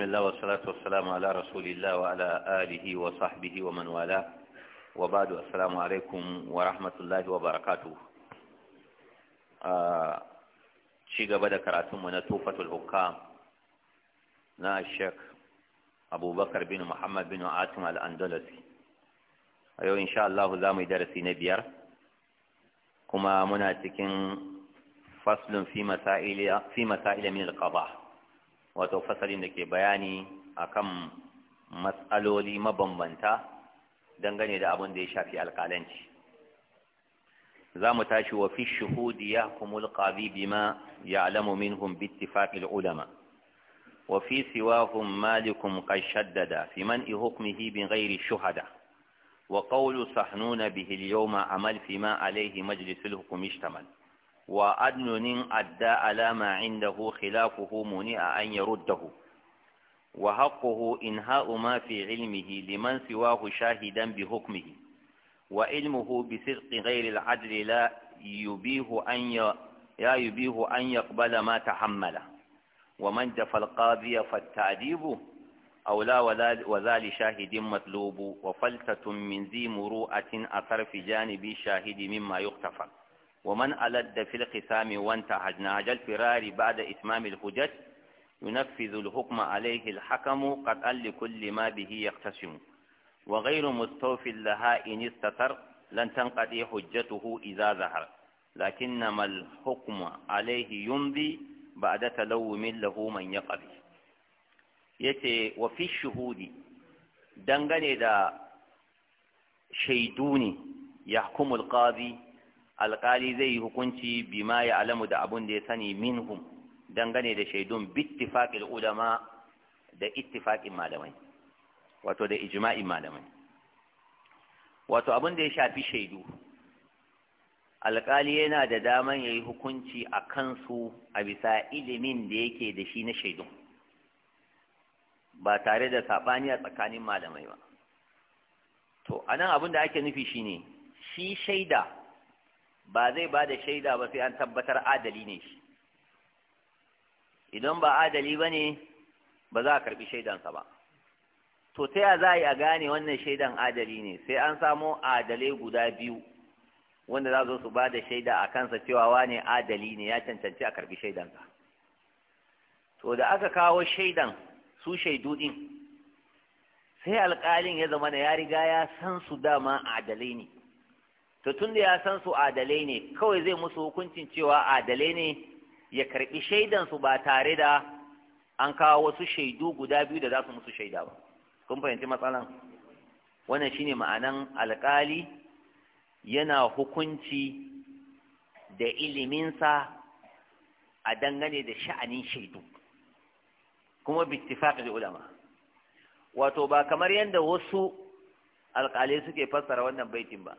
بسم الله والصلاة والسلام على رسول الله وعلى آله وصحبه ومن والاه وبعد السلام عليكم ورحمة الله وبركاته شيء بدأ كراتم من توفة الحكام نا الشيخ أبو بكر بن محمد بن عاتم الأندلسي أيوة إن شاء الله لا مدرسي نبيار كما مناتكين فصل في مسائل في مسائل من القضاء wato fasalin da ke bayani akan matsaloli mabambanta dangane da abin da ya shafi alƙalanci za mu tashi wa fi shuhudi ya kumul ƙazi bima ya alamu minhum bittifaƙil ulama wa fi siwahum malikum qad shaddada fi man'i hukmihi bi ghairi shuhada wa qawlu sahnuna bihi al-yawma amal fi ma alayhi majlis al-hukm ishtamal وأدنن أدى على ما عنده خلافه منع أن يرده وحقه إنهاء ما في علمه لمن سواه شاهدا بحكمه وعلمه بصدق غير العدل لا يبيه أن ي... لا يبيه أن يقبل ما تحمل ومن جف القاضي فالتعذيب أولى وذا لشاهد مطلوب وفلتة من ذي مروءة أثر في جانب الشاهد مما يختفر ومن ألد في القسام وانتهج نهج الفرار بعد إتمام الحجج ينفذ الحكم عليه الحكم قطعا لكل ما به يقتسم وغير مستوف لها إن استتر لن تنقضي حجته إذا ظهر لكنما الحكم عليه يمضي بعد تلوم له من يقضي yace wa fi shuhudi dangane da shaidu ne ya hukumul qadi alƙali zai yi hukunci bima ya alamu da abun da ya sani minhum dangane da shaidun bittifaƙil ulama da ittifaƙin malamai wato da ijma'in malamai wato abun da ya shafi shaidu alƙali yana da daman ya yi hukunci a kansu a bisa ilimin da yake da shi na shaidun ba tare da saɓani a tsakanin malamai ba to anan abin da ake nufi shine shi shaida ba zai ba da shaida ba sai an tabbatar adali ne shi idan ba adali ba ne ba za a karɓi shaidansa ba to ta ya za a yi a gane wannan shaidan adali ne sai an samo adale guda biyu wanda za su ba da shaida a kansa cewa wane adali ne ya cancanci a karɓi shaidansa to da aka kawo shaidan su shaidu ɗin sai alƙalin ya zama da ya riga ya san su dama adalai ne to tun da ya san su adalai ne kawai zai musu hukuncin cewa adalai ne ya karɓi shaidan su ba tare da an kawo wasu shaidu guda biyu da za su musu shaida ba kun fahimci matsalan wannan shine ma'anan alkali yana hukunci da iliminsa a dangane da sha'anin shaidu kuma bittifaqi da ulama wato ba kamar yadda wasu alƙalai suke fassara wannan baitin ba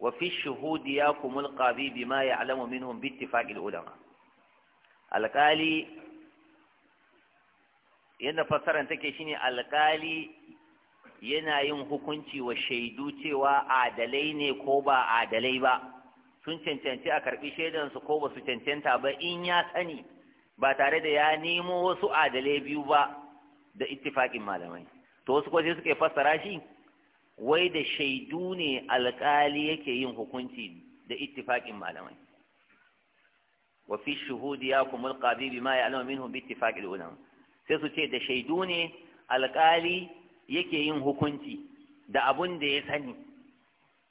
wa fi shuhudi ya kumul qabi bima ya'lamu minhum bi ittifaqil ulama yadda fassarar take shine alkali yana yin hukunci wa shaidu cewa adalai ne ko ba adalai ba sun cancanci a karɓi shaidansu ko ba su cancanta ba in ya sani ba tare da ya nemo wasu adalai biyu ba da ittifaƙin malamai to wasu kwaje suke fasara shi wai da shaidu ne alƙali yake yin hukunci da ittifaƙin malamai wa fi shuhudi ya kumul qadi bima ya'lamu minhum bi ittifaqil ulama sai su ce da shaidu ne alƙali yake yin hukunci da abun da ya sani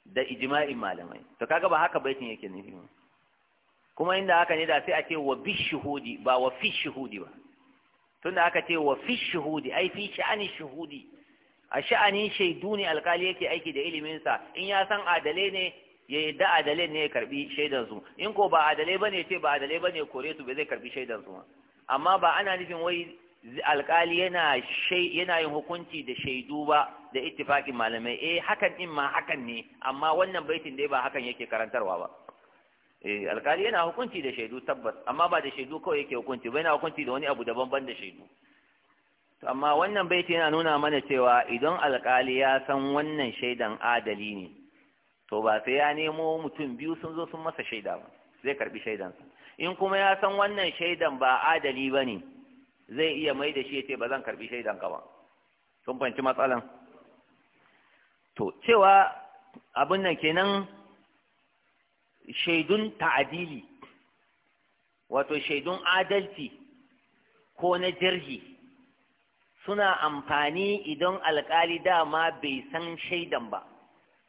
da ijma'in malamai to kaga ba haka baitin yake nufi kuma inda haka ne da sai a ce wa bi shuhudi ba wa fi shuhudi ba tunda aka ce wa fi shuhudi ai fi sha'ani shuhudi a sha'anin shaidu ne alkali yake aiki da iliminsa in ya san adale ne ya yadda adale ne ya karbi shaidansu in ko ba adale ba ne ce ba adale ba ne kore su ba zai karbi shaidansu ma amma ba ana nufin wai alkali yana yana yin hukunci da shaidu ba da ittifaqin malamai eh hakan din ma hakan ne amma wannan baitin dai ba hakan yake karantarwa ba eh alkali yana hukunci da shaidu tabbas amma ba da shaidu kawai yake hukunci ba yana hukunci da wani abu daban ban da shaidu amma wannan baiti yana nuna mana cewa idan alkali ya san wannan shaidan adali ne to ba sai ya nemo mutum biyu sun zo sun masa shaida ba zai karbi shaidansa in kuma ya san wannan shaidan ba adali ba ne zai iya mai da shi ya ce ba zan karbi ka ba sun fanci matsalan to cewa abin nan kenan shaidun ta'adili wato shaidun adalci ko na jirgi suna amfani idan alkali dama bai san shaidan ba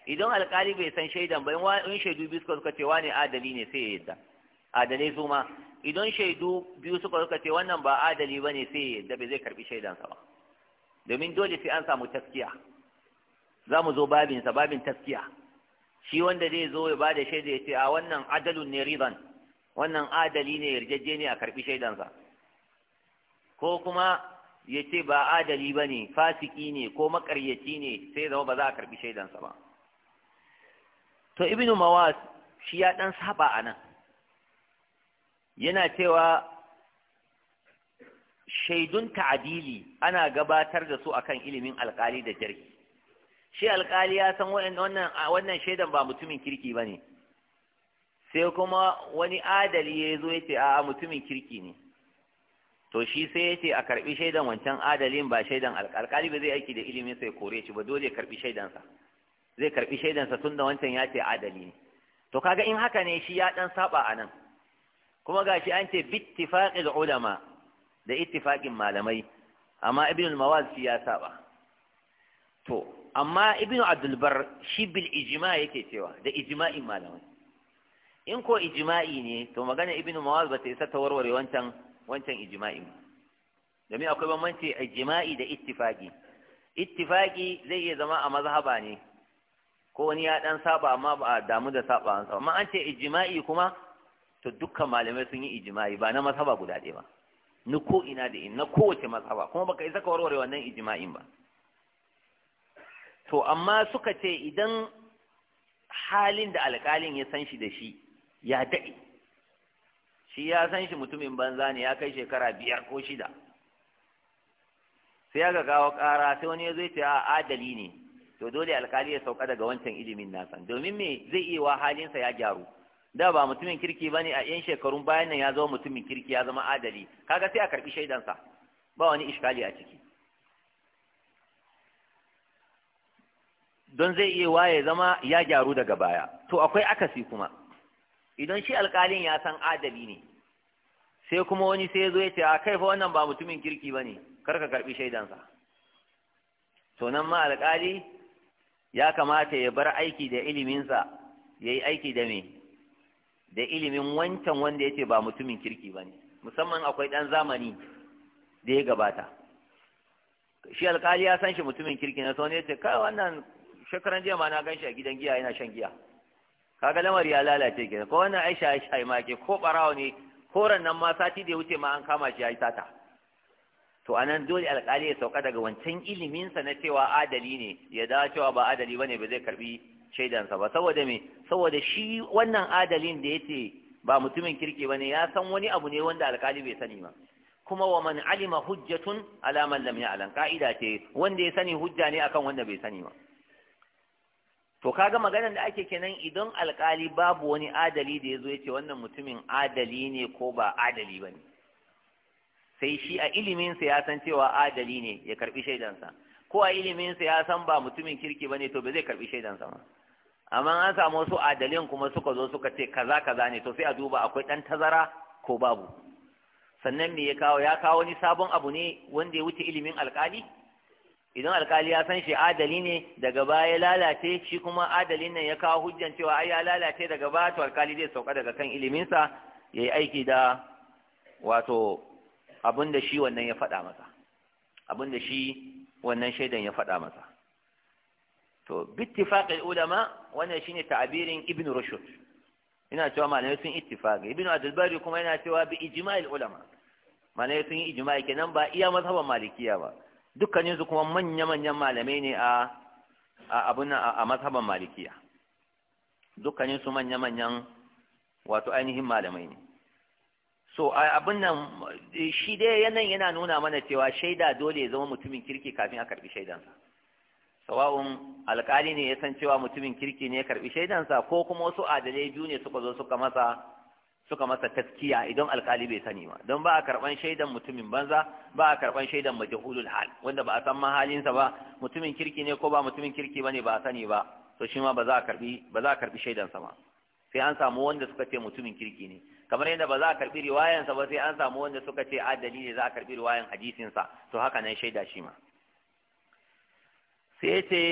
idan alkali bai san shaidan ba in shaidu biyu suka suka ce wani adali ne sai ya yadda adali su ma idan shaidu biyu suka suka ce wannan ba adali ba ne sai ya yadda bai zai karbi shaidansa ba domin dole sai an samu taskiya za mu zo babinsa babin taskiya shi wanda zai zo ya bada shaida ya ce a wannan adalun ne riban wannan adali ne yarjejje ne a karbi shaidansa ko kuma ya ce ba adali ba ne fasiki ne ko makaryaci ne sai zama ba za a karbi shaidansa ba to Ibn mawas shi ya ɗan saba a nan yana cewa shaidun ta'adili ana gabatar da su akan ilimin alkali da jirgi shi alkali ya san wannan wannan shaidan ba mutumin kirki ba ne sai kuma wani adali ya zo ya ce a mutumin kirki ne to shi sai ya ce a karbi shaidan wancan adalin ba shaidan alƙali ba zai aiki da ilimin sai kore shi ba dole ya karbi shaidansa zai karbi shaidansa tun da wancan ya ce adali ne to kaga in haka ne shi ya dan saba a nan kuma gashi an ce bittifaqil ulama da ittifaqin malamai amma ibn mawaz shi ya saba to amma ibn abdul shi bil ijma yake cewa da ijma'in malamai in ko ijma'i ne to magana ibn mawaz ba ta isa ta warware wancan wancan ijma'in domin akwai bambanci jima'i da ittifaqi ittifaqi zai iya zama a mazhaba ne ko wani ya dan saba amma ba a damu da saba sa amma an ce ijma'i kuma to dukkan malamai sun yi ijma'i ba na mazhaba guda ɗaya ba na ko ina da in na kowace mazhaba kuma baka isa saka warware wannan ijma'in ba to amma suka ce idan halin da alƙalin ya san shi da shi ya daɗe shi ya san shi mutumin banza ne ya kai shekara biyar ko shida sai aka kawo kara sai wani ya zai ce a adali ne to dole alkali ya sauka daga wancan ilimin nasa domin me zai iya wa halinsa ya gyaru da ba mutumin kirki ba ne a yan shekarun bayan nan ya zama mutumin kirki ya zama adali kaga sai a karɓi shaidansa ba wani iskali a ciki don zai iya wa ya zama ya gyaru daga baya to akwai akasi kuma idan shi alkalin ya san adali ne sai kuma wani sai ya zo ya ce a kai fa wannan ba mutumin kirki ba ne kar ka karɓi shaidansa to nan ma alƙali ya kamata ya bar aiki da iliminsa ya yi aiki da me da ilimin wancan wanda ya ce ba mutumin kirki ba ne musamman akwai ɗan zamani da ya gabata shi alƙali ya san shi mutumin kirki na sauni ya ce kai wannan shekaran jiya ma na gan shi a gidan giya yana shan giya kaga lamari ya lalace ke? ko wannan aisha aisha ma ke ko ɓarawo ne koren nan ma sati da ya wuce ma an kama shi ya yi sata to anan dole alƙali ya sauka daga wancan iliminsa na cewa adali ne ya da cewa ba adali bane ba zai karbi shaidansa ba saboda me saboda shi wannan adalin da yace ba mutumin kirki bane ya san wani abu ne wanda alƙali bai sani ba kuma wa man alima hujjatun ala man lam ya'lam ka'ida ce wanda ya sani hujja ne akan wanda bai sani ba to kaga maganan da ake kenan idan alkali babu wani adali da ya zo ya ce wannan mutumin adali ne ko ba adali ba sai shi a iliminsa ya san cewa adali ne ya karbi shaidansa ko a iliminsa ya san ba mutumin kirki ba ne to ba zai karbi shaidansa ba amma an samu wasu adalin kuma suka zo suka ce kaza kaza ne to sai a duba akwai ɗan tazara ko babu sannan me ya kawo ya kawo wani sabon abu ne wanda ya wuce ilimin alkali idan alkali ya san shi adali ne daga baya ya lalace shi kuma adalin nan ya kawo hujjan cewa ai ya lalace daga baya to alkali zai sauka daga kan iliminsa ya yi aiki da wato abin da shi wannan ya faɗa masa abin da shi wannan shaidan ya faɗa masa to bittifaqil ulama wannan shine ta'abirin ibn rushd ina cewa malamai sun ittifaqi ibn adalbari kuma yana cewa bi ijma'il ulama malamai sun yi ijma'i kenan ba iya mazhaban malikiya ba dukkaninsu kuma manya-manyan malamai ne a abin a mazhaban malikiya dukkaninsu manya-manyan wato ainihin malamai ne so abin nan shi dai yanayin yana nuna mana cewa shaida dole ya zama mutumin kirki kafin a karbi shaidansa sawa'un alkali ne ya san cewa mutumin kirki ne ya karbi shaidansa ko kuma wasu adalai biyu ne suka zo suka masa suka masa taskiya idan alkali bai sani ba don ba a karban shaidan mutumin banza ba a karban shaidan majhulul hal wanda ba a san mahalinsa ba mutumin kirki ne ko ba mutumin kirki bane ba a sani ba to shi ma ba za a karbi ba za a karbi shaidan sa ba sai an samu wanda suka ce mutumin kirki ne kamar yadda ba za a karbi riwayan sa ba sai an samu wanda suka ce adali ne za a karbi riwayan hadisin sa to haka nan shaida shi ma sai ce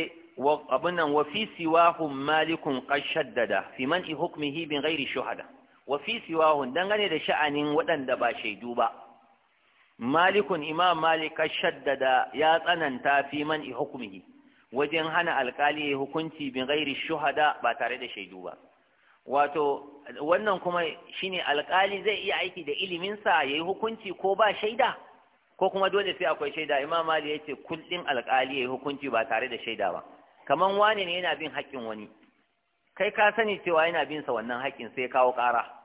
abin nan wa fi siwahum malikun qad shaddada fi man'i hukmihi bin ghairi shuhada wa fi siwahun dangane da sha'anin waɗanda ba shaidu ba malikun imam malika shaddada ya tsananta fi man hukumihi wajen hana alkali ya hukunci bin gairi shuhada ba tare da shaidu ba wato wannan kuma shine alkali zai iya aiki da iliminsa ya yi hukunci ko ba shaida ko kuma dole sai akwai shaida imam mali ya ce kullum alkali ya yi hukunci ba tare da shaida ba kamar wane ne yana bin haƙƙin wani kai ka sani cewa yana bin wannan haƙƙin sai kawo ƙara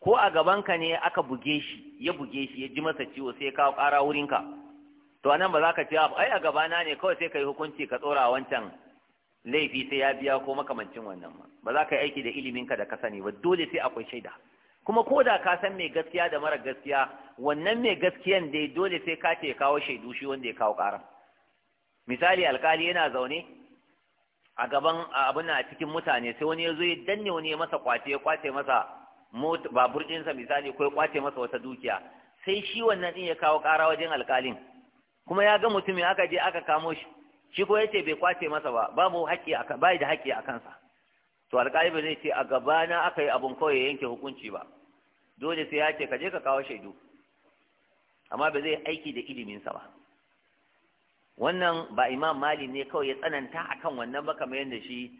ko a gabanka ne aka buge shi ya buge shi ya ji masa ciwo sai ka ƙara wurinka to anan ba za ka ce ai a gabana ne kawai sai ka yi hukunci ka tsora wancan laifi sai ya biya ko makamancin wannan ma ba za ka yi aiki da iliminka da ka sani ba dole sai akwai shaida kuma ko da ka san mai gaskiya da mara gaskiya wannan mai gaskiyan dai dole sai ka ce kawo shaidu shi wanda ya kawo ƙara misali alkali yana zaune a gaban abin a cikin mutane sai wani ya zo ya danne wani ya masa kwace ya kwace masa babur ɗinsa misali ko ya kwace masa wata dukiya sai shi wannan ɗin ya kawo ƙara wajen alƙalin kuma ya ga mutumin aka je aka kamo shi shi ko ya ce bai kwace masa ba babu haƙƙi ba bai da haƙƙi a kansa to alƙali ba zai ce a gabana aka yi abun kawai ya yanke hukunci ba dole sai ya ce ka je ka kawo shaidu amma ba zai aiki da iliminsa ba wannan ba imam mali ne kawai ya tsananta akan wannan ba kamar yadda shi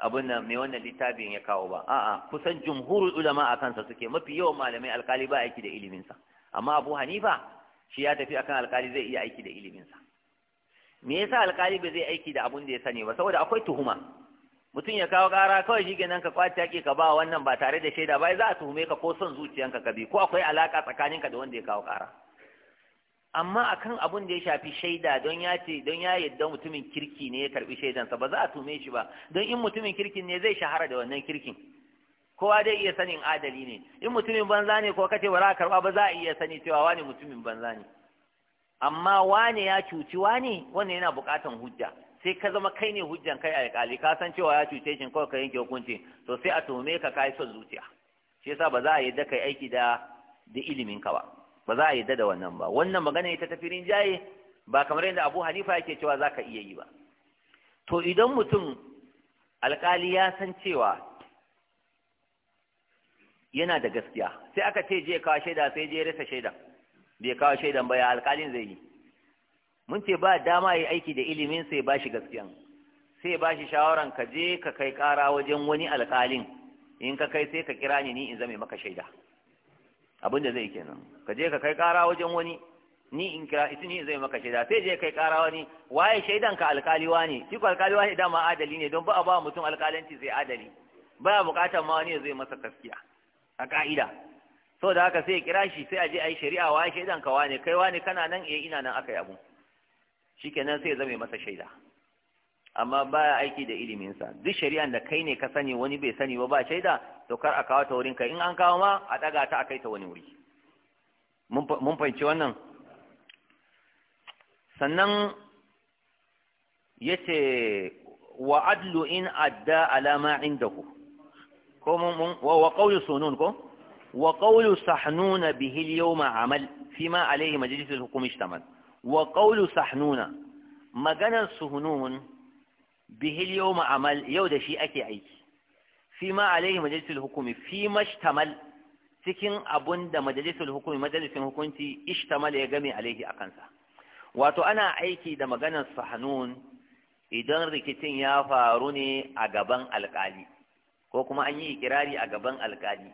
abin nan mai wannan littafin ya kawo ba a'a kusan jumhurul ulama a kansa suke mafi yawan malamai alkali ba aiki da sa amma abu hanifa shi ya tafi akan alkali zai iya aiki da iliminsa me yasa alkali ba zai aiki da abun da ya sani ba saboda akwai tuhuma mutum ya kawo gara kawai shi kenan ka kwace ake ka ba wannan ba tare da shaida ba za a tuhume ka ko son zuciyanka ka bi ko akwai alaka tsakaninka da wanda ya kawo kara amma akan abun da ya shafi shaida don ya ce don ya yadda mutumin kirki ne ya karbi shaidansa ba za a tume shi ba don in mutumin kirkin ne zai shahara da wannan kirkin kowa dai iya sanin adali ne in mutumin banza ne ko kace ba za a karba ba za a iya sani cewa wani mutumin banza ne amma wane ya cuci wane wannan yana bukatan hujja sai ka zama kai ne hujjan kai alƙali ka san cewa ya cuce shi ko ka yanke hukunci to sai a tume ka kai son zuciya shi yasa ba za a yadda kai aiki da da ilimin ka ba ba za a yadda da wannan ba wannan magana ita ta firin jaye ba kamar yadda abu hanifa yake cewa za ka iya yi ba to idan mutum alkali ya san cewa yana da gaskiya sai aka ce je kawo shaida sai je rasa shaida bai kawo shaidan ba ya alkalin zai yi mun ce ba dama yi aiki da ilimin sai ba shi gaskiyan sai ba shi shawaran ka je ka kai kara wajen wani alkalin in ka kai sai ka kira ni ni in zame maka shaida abin da zai kenan ka je ka kai ƙara wajen wani ni in kira ita ni zai maka shaida sai je kai ƙara wani waye shaidan ka alƙaliwa ne shi ko shi ne ma adali ne don ba a ba mutum alkalanci sai adali ba ya buƙatar ma wani zai masa gaskiya a ƙa'ida so da haka sai kira shi sai a je a yi shari'a waye shaidan ka wane kai wane kana nan eh ina nan aka yi shikenan sai ya zame masa shaida amma baya aiki da iliminsa duk shari'an da kai ne ka sani wani bai sani ba ba shaida to kar a kawo ta wurin kai in an kawo ma a daga ta a kai ta wani wuri mun fahimci wannan sannan yace wa adlu in adda ala ma indahu ko mun wa wa qawlu sunun ko wa qawlu sahnuna bihi al-yawma amal fima alayhi majlis al-hukum ishtamal wa qawlu sahnuna maganar suhunun bihil yawma amal yau da shi ake aiki fi ma alaihi majalisul hukumi fi mashtamal cikin abun da majalisul hukumi majalisin hukunci ishtamal ya game alaihi a kansa wato ana aiki da maganar sahanun idan rikicin ya faru ne a gaban alkali ko kuma an yi ikirari a gaban alkali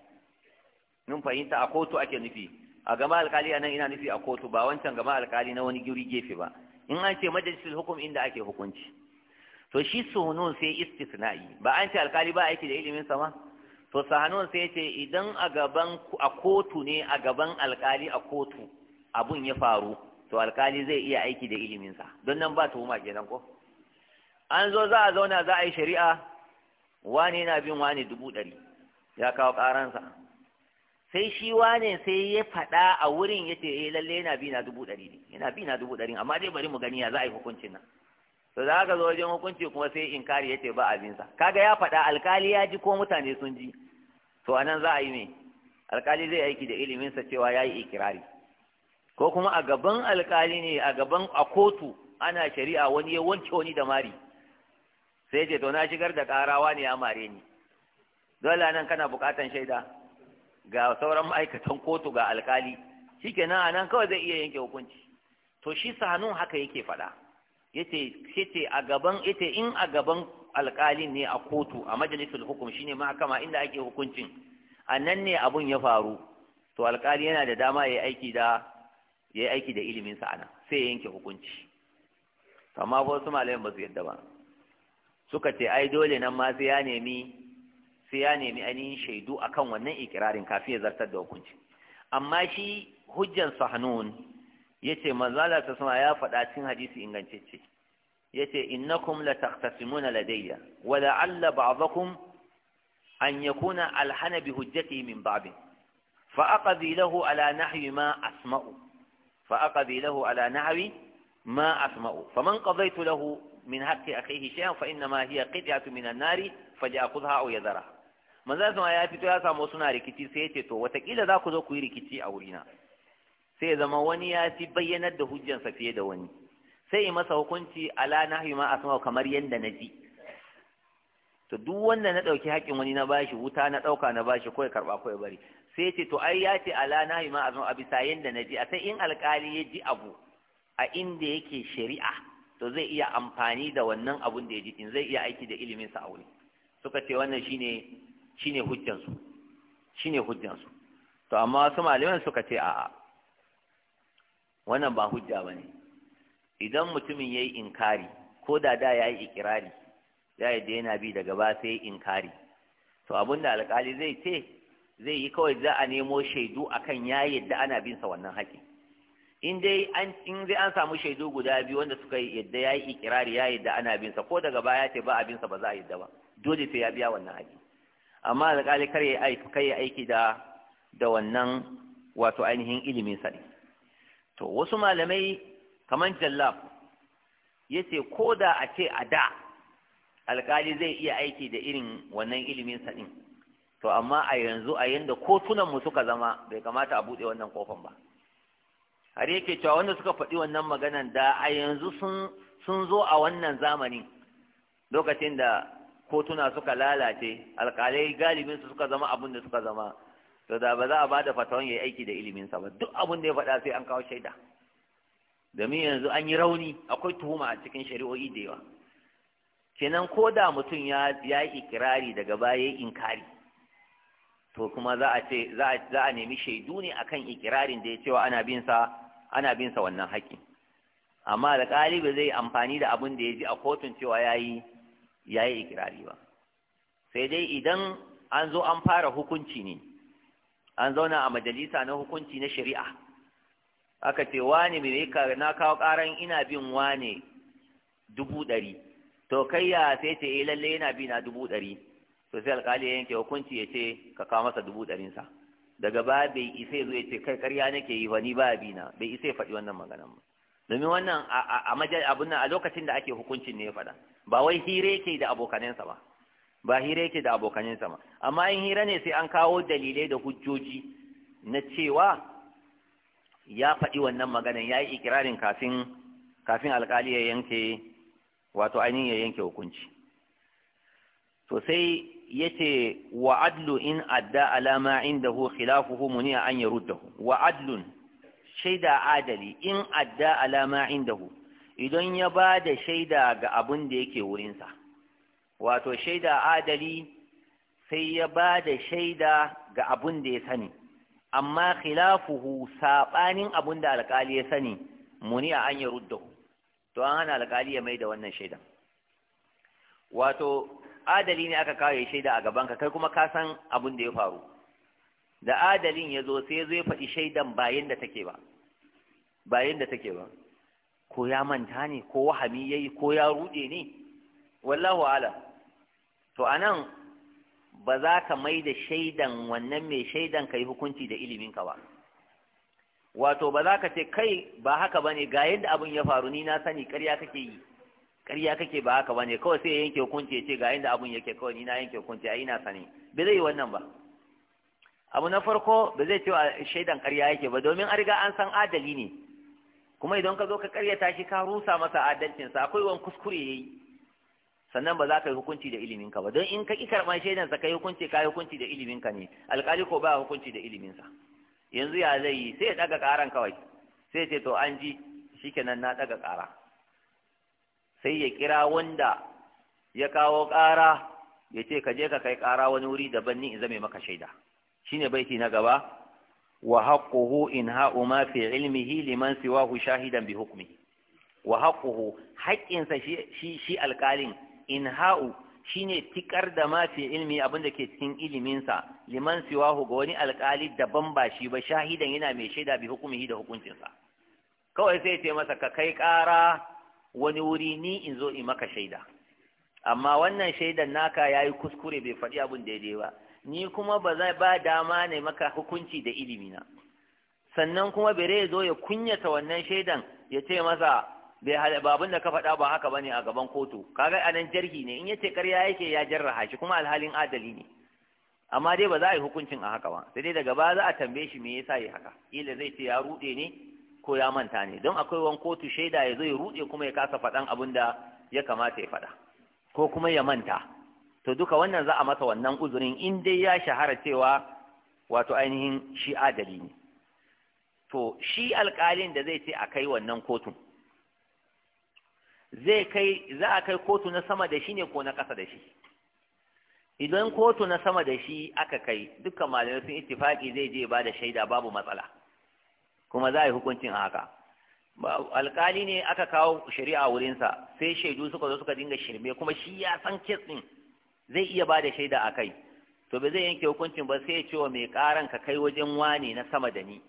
nun fahimta a kotu ake nufi a gaban alkali a nan ina nufi a kotu ba wancan gaban alkali na wani guri gefe ba in an ce majalisul hukum inda ake hukunci to shi sunun sai istisna'i ba an ce alkali ba aiki da ilimin sama to sahanun sai ce idan a gaban a kotu ne a gaban alkali a kotu abun ya faru to alkali zai iya aiki da ilimin sa don nan ba tuhuma kenan ko an zo za a zauna za a yi shari'a wani na bin wani dubu ɗari ya kawo ƙaransa sai shi wane sai ya faɗa a wurin ya ce eh lalle yana bi na dubu ɗari ne yana bi na dubu ɗari amma dai bari mu gani ya za a yi hukuncin nan to za ka zo wajen hukunci kuma sai inkari ce ba abinsa kaga ya faɗa alkali ya ji ko mutane sun ji to anan za a yi me alkali zai aiki da iliminsa cewa ya yi ikirari ko kuma a gaban alkali ne a gaban a kotu ana shari'a wani ya wanke wani da mari sai ce to na shigar da karawa ne ya mare ni dole nan kana bukatan shaida ga sauran ma'aikatan kotu ga alkali shikenan a nan kawai zai iya yanke hukunci to shi sanun haka yake faɗa yace yace a gaban yace in a gaban alƙalin ne a kotu a majalisul hukum shine mahakama inda ake hukuncin a ne abun ya faru to alƙali yana da dama ya aiki da yayi aiki da ilimin sa ana sai ya yanke hukunci amma wasu malamin ba su yadda ba suka ce ai dole nan ma sai ya nemi sai ya nemi ainihin shaidu akan wannan ikirarin kafin ya zartar da hukunci amma shi hujjan sahnun yace manzala ta sama ya faɗa cikin hadisi ingantacce yace innakum la taqtasimuna ladayya wa la'alla ba'dakum an yakuna alhana bi hujjati min ba'd fa aqdi lahu ala nahwi ma asma'u fa aqdi lahu ala nahwi ma asma'u faman qadaytu lahu min haqqi akhihi shay'an fa innama hiya qid'atu min an-nari faly'akhudha aw yadhara manzala ya fito ya samu suna rikici sai yace to watakila za ku zo ku yi rikici a wurina sai ya zama wani ya fi bayyanar da hujjansa fiye da wani sai ya masa hukunci ala nahyu ma asma kamar yanda na ji to duk wanda na dauki haƙin wani na bashi wuta na dauka na bashi ko ya karba koi bari sai ce to ai ya ce ala nahyu ma asma a bisa yanda na ji a sai in alƙali ya ji abu a inda yake shari'a to zai iya amfani da wannan abun da ya ji in zai iya aiki da ilimin sa a wuri suka ce wannan shine shine hujjansu shine hujjansu to amma wasu malaman suka ce a'a wannan ba hujja ba ne idan mutumin ya yi inkari ko da da ya yi ikirari ya yi yana bi daga ba sai inkari to abin da alkali zai ce zai yi kawai za a nemo shaidu akan ya yadda ana bin sa wannan haƙi in dai an samu shaidu guda biyu wanda suka yi yadda ya yi ikirari ya yadda ana bin sa ko daga baya ce ba abin sa ba za a yadda ba dole sai ya biya wannan haƙi amma alkali kar ya yi ya aiki da da wannan wato ainihin ilimin sa ne to wasu malamai kamar jallab ya ce ko da a ce a da alkali zai iya aiki da irin wannan ilimin saɗin to amma a yanzu a yanda mu suka zama bai kamata a buɗe wannan kofan ba har yake cewa wanda suka faɗi wannan maganan da a yanzu sun zo a wannan zamanin lokacin da kotuna suka lalace alkalai galibinsu suka zama abin da suka zama to da ba za a bada fatawan yayi aiki da ilimin sa ba duk abin da ya faɗa sai an kawo shaida domin yanzu an yi rauni akwai tuhuma a cikin shari'o'i da yawa kenan ko da mutum ya ya yi ikirari daga baya ya inkari to kuma za a ce za a nemi shaidu ne akan ikirarin da ya cewa ana bin sa ana bin sa wannan haƙƙin amma da ƙalibi zai amfani da abin da ya ji a kotun cewa ya yi ikirari ba sai dai idan an zo an fara hukunci ne an zauna a majalisa na hukunci na shari'a aka ce wane mai na kawo karan ina bin wane dubu ɗari to kai ya sai ce eh lalle yana bi na dubu ɗari to sai alƙali ya yanke hukunci ya ce ka kawo masa dubu sa daga ba bai isa ya zo ya ce kai ƙarya nake yi wani ba bi na bai isa ya faɗi wannan maganan ba domin wannan a abun nan a lokacin da ake hukuncin ne ya faɗa ba wai hire yake da abokanansa ba ba hira yake da abokaninsa ba amma in hira ne sai an kawo dalilai da hujjoji na cewa ya faɗi wannan maganan ya yi ikirarin kafin kafin alkali ya yanke wato ainihin ya yanke hukunci to sai ya ce wa adlu in adda alama indahu khilafuhu muniya an yaruddahu wa adlun shaida adali in adda alama indahu idan ya ba da shaida ga abin da yake wurinsa wato shaida adali sai ya ba da shaida ga abun da ya sani amma khilafuhu saɓanin abun da alƙali ya sani muni a an yi ruddahu to an hana alƙali ya mai da wannan shaida wato adali ne aka kawo shaida a gaban ka kai kuma ka san abun da ya faru da adalin ya zo sai ya zo ya faɗi shaidan bayan da take ba bayan da take ba ko ya manta ne ko wahami yayi ko ya ruɗe ne wallahu alam to a nan ba za ka mai da shaidan wannan mai shaidan ka yi hukunci da iliminka ba wato ba za ka ce kai ba haka ba ne ga yadda abin ya faru ni na sani ƙarya kake yi ƙarya kake ba haka ba ne kawai sai yanke hukunci ya ce ga yadda abin yake kawai ni na yanke hukunci yi ina sani ba zai yi wannan ba abu na farko ba zai ce wa shaidan ƙarya yake ba domin an riga an san adali ne kuma idan ka zo ka ƙaryata shi ka rusa masa adalcinsa akwai wani kuskure ya yi sannan ba za ka yi hukunci da iliminka ba don in ka ƙi karɓar shaidansa ka yi hukunci ka yi hukunci da iliminka ne alƙali ko ba hukunci da iliminsa yanzu ya zai yi sai ya ɗaga ƙaran kawai sai ce to an ji shikenan na ɗaga ƙara sai ya kira wanda ya kawo ƙara ya ce ka je ka kai ƙara wani wuri daban ni in zame maka shaida shine baiti na gaba wa haqquhu in ha'u ma fi ilmihi liman siwahu shahidan bi hukmi wa haqquhu haƙƙinsa shi shi alƙalin inha'u shine tikar da ma fi ilmi abinda ke cikin iliminsa liman siwahu ga wani alkali daban ba shi ba shahidan yana mai shaida bi hukumihi da hukuncinsa kawai sai ce masa ka kai kara wani wuri ni in zo in maka shaida amma wannan shaidan naka yayi kuskure bai faɗi abin daidai ba ni kuma ba zai ba dama ne maka hukunci da ilimina sannan kuma bere zo ya kunyata wannan shaidan ya ce masa bai hada babun da ka faɗa ba haka bane a gaban kotu kaga anan jarhi ne in yace ƙarya yake ya jarraha shi kuma alhalin adali ne amma dai ba za a yi hukuncin a haka ba sai dai daga baya za a tambaye shi me yasa yi haka ila zai ce ya rude ne ko ya manta ne don akwai wani kotu shaida ya zo ya rude kuma ya kasa faɗan abin da ya kamata ya faɗa ko kuma ya manta to duka wannan za a masa wannan uzurin in dai ya shahara cewa wato ainihin shi adali ne to shi alƙalin da zai ce a kai wannan kotun zai kai za a kai kotu na sama da shi ne ko na ƙasa da shi idan kotu na sama da shi aka kai dukkan malamai sun ittifaki zai je ba da shaida babu matsala kuma za a yi hukuncin haka alkali ne aka kawo shari'a wurinsa sai shaidu suka zo suka dinga shirme kuma shi ya san kes ɗin zai iya ba da shaida a kai to ba zai yanke hukuncin ba sai ya ce mai karan ka kai wajen wane na sama da ni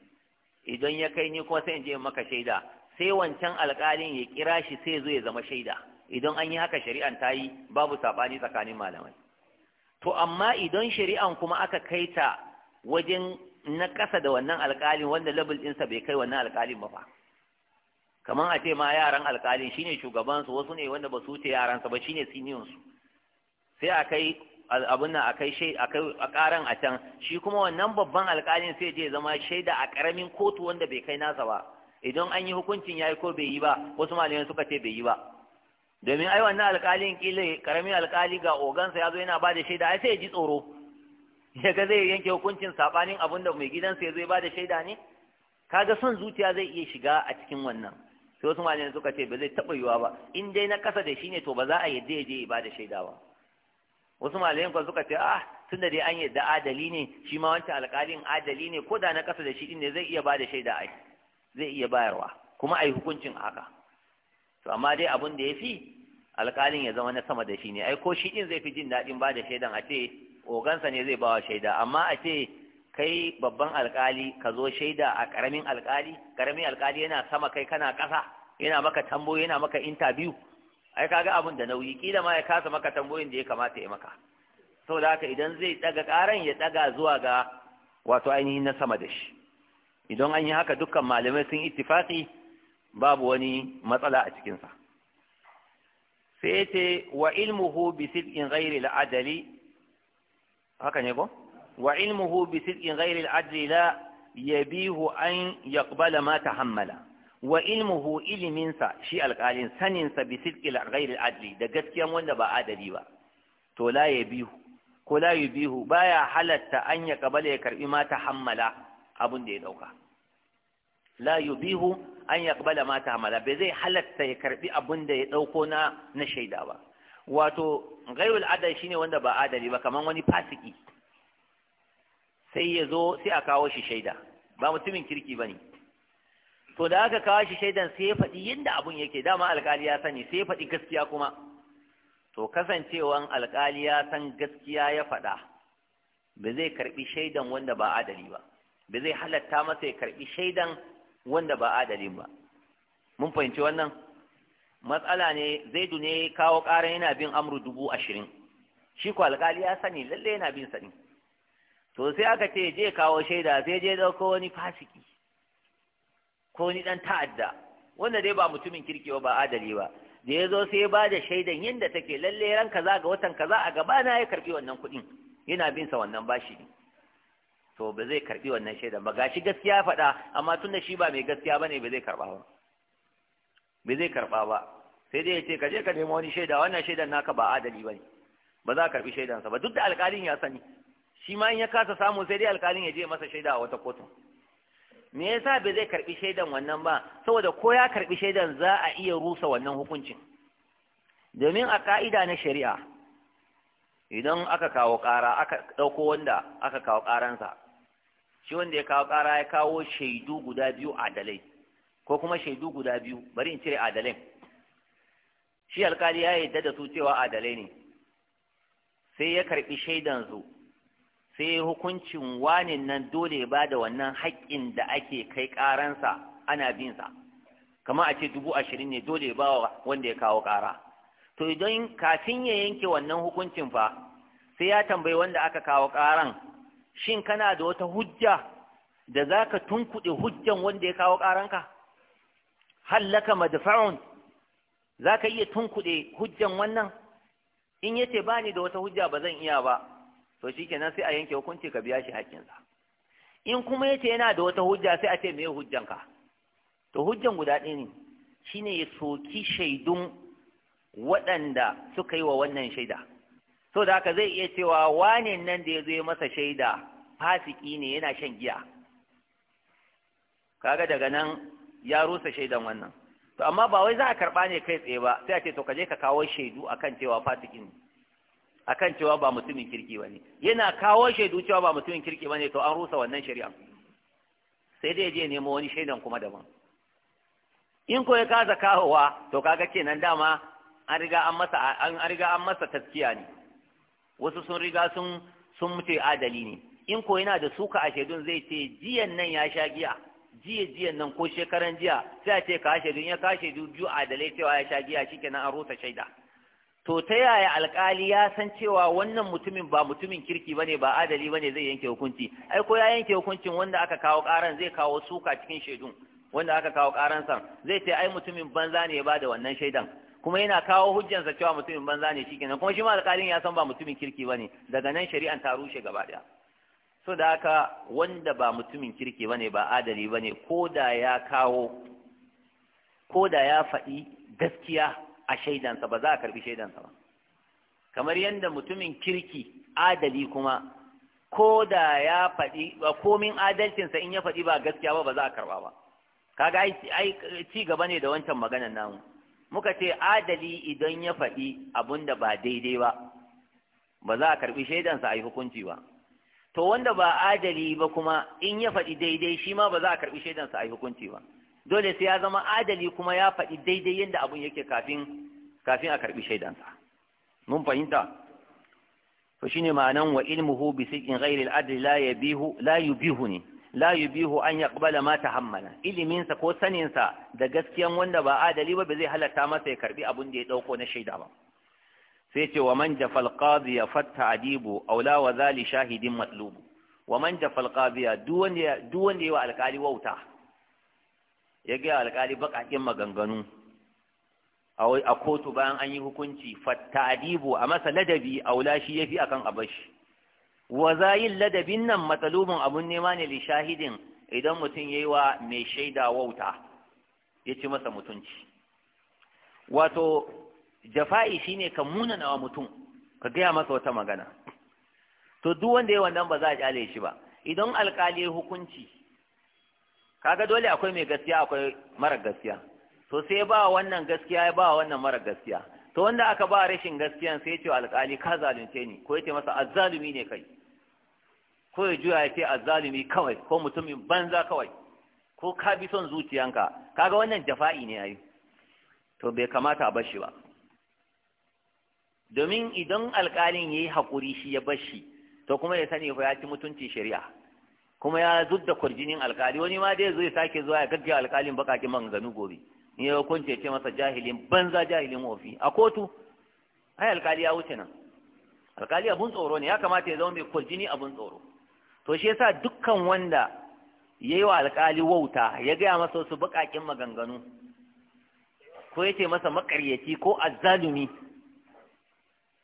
idan ya kai ni kuma sai in je maka shaida sai wancan alƙalin ya kira shi sai zo ya zama shaida idan an yi haka shari'an ta yi babu saɓani tsakanin malamai to amma idan shari'an kuma aka kai ta wajen na ƙasa da wannan alƙalin wanda level ɗinsa bai kai wannan alƙalin ba fa kamar a ce ma yaran alƙalin shine shugabansu wasu ne wanda ba su wuce yaransa ba shine siniyonsu sai a kai abin nan a kai a ƙaran a can shi kuma wannan babban alƙalin sai je zama shaida a ƙaramin kotu wanda bai kai nasa ba idan an yi hukuncin ya yi ko bai yi ba wasu malamai suka ce bai yi ba domin ai wannan alƙalin kila karamin alƙali ga ogansa ya zo yana ba da shaida ai sai ya ji tsoro ya ga zai yanke hukuncin sabanin abin da mai gidansa ya zo ya ba da shaida ne kaga son zuciya zai iya shiga a cikin wannan sai wasu malamai suka ce ba zai taɓa yiwa ba in dai na ƙasa da shi ne to ba za a yadda ya je ya ba da shaida ba wasu malamai kuma suka ce ah tunda dai an yadda adali ne shi ma wancan alƙalin adali ne ko da na ƙasa da shi ne zai iya ba da shaida ai zai iya bayarwa kuma ayi hukuncin haka to amma dai abin da ya fi alƙalin ya zama na sama da shi ne ai ko shi ɗin zai fi jin daɗin ba da shaidan a ce ogansa ne zai bawa shaida amma a ce kai babban alƙali ka zo shaida a ƙaramin alƙali ƙaramin alƙali yana sama kai kana ƙasa yana maka tambo yana maka intabiyu ai kaga abin da nauyi kila ma ya kasa maka tamboyin da ya kamata ya maka saboda haka idan zai ɗaga ƙaran ya ɗaga zuwa ga wato ainihin na sama da shi idan an yi haka dukkan malamai sun ittifaqi babu wani matsala a cikinsa sai ce wa ilmuhu bi sidqin ghairi al-ajali haka ne ko wa ilmuhu bi sidqin ghairi al-ajali la yabihu an yaqbala ma tahammala wa ilmuhu iliminsa shi alƙalin saninsa bi sidqi ghairi al-ajali da gaskiyan wanda ba adali ba to la yabihu ko la yubihu baya halatta an ya kabala ya karbi ma tahammala abin da ya dauka la yubihu an yaqbala mata hamala bai zai halatta ya karbi abin da ya ɗauko na na shaida ba wato gaiwal adal shine wanda ba adali ba Kamar wani fasiki sai ya zo sai a kawo shi shaida ba mutumin kirki bane to da aka kawo shi shaidan sai ya faɗi yadda abun yake dama alkali ya sani sai ya faɗi gaskiya kuma to kasancewan alkali ya san gaskiya ya faɗa ba zai karɓi shaidan wanda ba adali ba ba zai halatta masa ya karbi shaidan wanda ba adalin ba mun fahimci wannan matsala ne zaidu ne kawo ƙaran yana bin amru dubu ashirin shi ko alƙali ya sani lalle yana bin sani to sai aka ce je kawo shaida sai je dauko wani fasiki ko wani dan ta'adda wanda dai ba mutumin kirki ba adali ba da ya zo sai ya bada shaidan yadda take lalle ran kaza ga watan kaza a gaba na ya karbi wannan kuɗin yana bin sa wannan bashi ne to ba zai karbi wannan shaidan ba gashi gaskiya faɗa amma tunda shi ba mai gaskiya bane ba zai karba ba ba zai karba ba sai dai yace kaje ka je ka nemo wani shaida wannan shaidan naka ba adali bane ba za ka karbi shaidansa ba duk da alƙalin ya sani shi ma in ya kasa samu sai dai alƙalin ya je masa shaida a wata kotun me yasa ba zai karbi shaidan wannan ba saboda ko ya karbi shaidan za a iya rusa wannan hukuncin domin a ka'ida na shari'a idan aka kawo ƙara aka ɗauko wanda aka kawo ƙaransa shi wanda ya kawo ƙara ya kawo shaidu guda biyu adalai ko kuma shaidu guda biyu bari in cire adalai shi alkali ya yarda da su cewa adalai ne sai ya karɓi shaidansu sai hukuncin wanin nan dole ba da wannan haƙƙin da ake kai ƙaransa ana binsa Kama a ce dubu ashirin ne dole ba wanda ya kawo ƙara to idan kafin ya yanke wannan hukuncin fa sai ya tambayi wanda aka kawo ƙaran shin kana da wata hujja da za ka tunkuɗe hujjan wanda ya kawo ƙaranka hallaka madafa'un za ka iya tunkuɗe hujjan wannan in yace ba da wata hujja ba zan iya ba to shi kenan sai a yanke hukunci ka biya shi haƙƙinsa in kuma yace yana da wata hujja sai a ce me hujjanka to hujjan guda ɗaya ne shine ya soki shaidun waɗanda suka yi wa wannan shaida so da haka zai iya cewa wane nan da ya zo masa shaida fasiki ne yana shan giya kaga daga nan ya rusa shaidan wannan to amma ba wai za a karba ne kai tsaye ba sai a ce to ka je ka kawo shaidu akan cewa fasiki ne akan cewa ba mutumin kirki bane yana kawo shaidu cewa ba mutumin kirki bane to an rusa wannan shari'a sai dai je nemo wani shaidan kuma daban in ko ya kaza kawowa to kaga kenan dama an riga an masa an riga an masa taskiya ne wasu sun riga sun sun mutu adali ne in ko yana da suka a shaidun zai ce jiyan nan ya sha giya jiya jiyan nan ko shekaran jiya sai a ce ka shaidu ya ka shaidu biyu adalai cewa ya sha giya shikenan an rusa shaida to ta yaya alkali ya san cewa wannan mutumin ba mutumin kirki bane ba adali bane zai yanke hukunci ai ko ya yanke hukuncin wanda aka kawo karan zai kawo suka cikin shaidun wanda aka kawo karansa zai ce ai mutumin banza ne ya bada wannan shaidan kuma yana kawo hujjansa cewa mutumin banza ne shi kenan kuma shi ma alƙalin ya san ba mutumin kirki ba ne daga nan shari'an ta rushe gaba ɗaya so da haka wanda ba mutumin kirki ba ne ba adali ba ne ko da ya kawo ko da ya faɗi gaskiya a shaidansa ba za a karɓi shaidansa ba kamar yadda mutumin kirki adali kuma ko da ya faɗi ba komin adalcinsa in ya faɗi ba gaskiya ba ba za a karɓa ba kaga ai ci gaba ne da wancan maganan namu muka ce adali idan ya faɗi abun da ba daidai ba ba za a karɓi shaidansa a yi hukunci ba to wanda ba adali ba kuma in ya faɗi daidai shi ma ba za a karɓi shaidansa a yi hukunci ba dole sai ya zama adali kuma ya faɗi daidai yadda abun yake kafin a karɓi shaidansa mun fahimta to shine ma'anan wa ilmuhu bi sidqin ghairi al-adli la yabihu la ne la yubihu an yaqbala ma ta hammana. Iliminsa ko saninsa da gaskiyan wanda ba adali ba zai halatta masa ya karbi abun da ya ɗauko na shaida ba sai ce wa man jafal qadi ya fatta adibu aw wa zali shahidin matlubu wa man jafal duk wanda ya wanda yawa wauta ya ga alƙali bakakin maganganu a kotu bayan an yi hukunci fatta adibu a masa ladabi aula shi shi fi akan abashi wa zayin ladabin nan matsalubin abun nema ne li shahidin idan mutum yayi wa mai shaida wauta ya ci masa mutunci wato jafa'i shi shine ka munana wa mutum ka gaya masa wata magana to duk wanda ya wannan ba za a kyale shi ba idan alkali hukunci kaga dole akwai mai gaskiya akwai mara gaskiya to sai ba wannan gaskiya ya ba wannan mara gaskiya to wanda aka ba rashin gaskiya sai ce alƙali ka zalunce ni ko yace masa azzalumi ne kai ko ya juya ya ce azzalumi kawai ko mutumin banza kawai ko ka bi son zuciyanka kaga wannan jafa'i ne yayi to bai kamata a bashi ba domin idan alƙalin yayi hakuri shi ya bar shi to kuma ya sani ya ci mutunci shari'a kuma ya zudda kurjinin alƙali wani ma dai zai sake zuwa ya gaggaya alƙalin bakakin manzanu gobe Ni ya hukunce ce masa jahilin banza jahilin wofi a kotu ai alkali ya wuce nan alkali abun tsoro ne ya kamata ya zama mai kwaljini abun tsoro to shi yasa dukkan wanda ya yi wa alkali wauta ya gaya masa wasu bukakin maganganu ko ya ce masa makaryaci ko azalumi?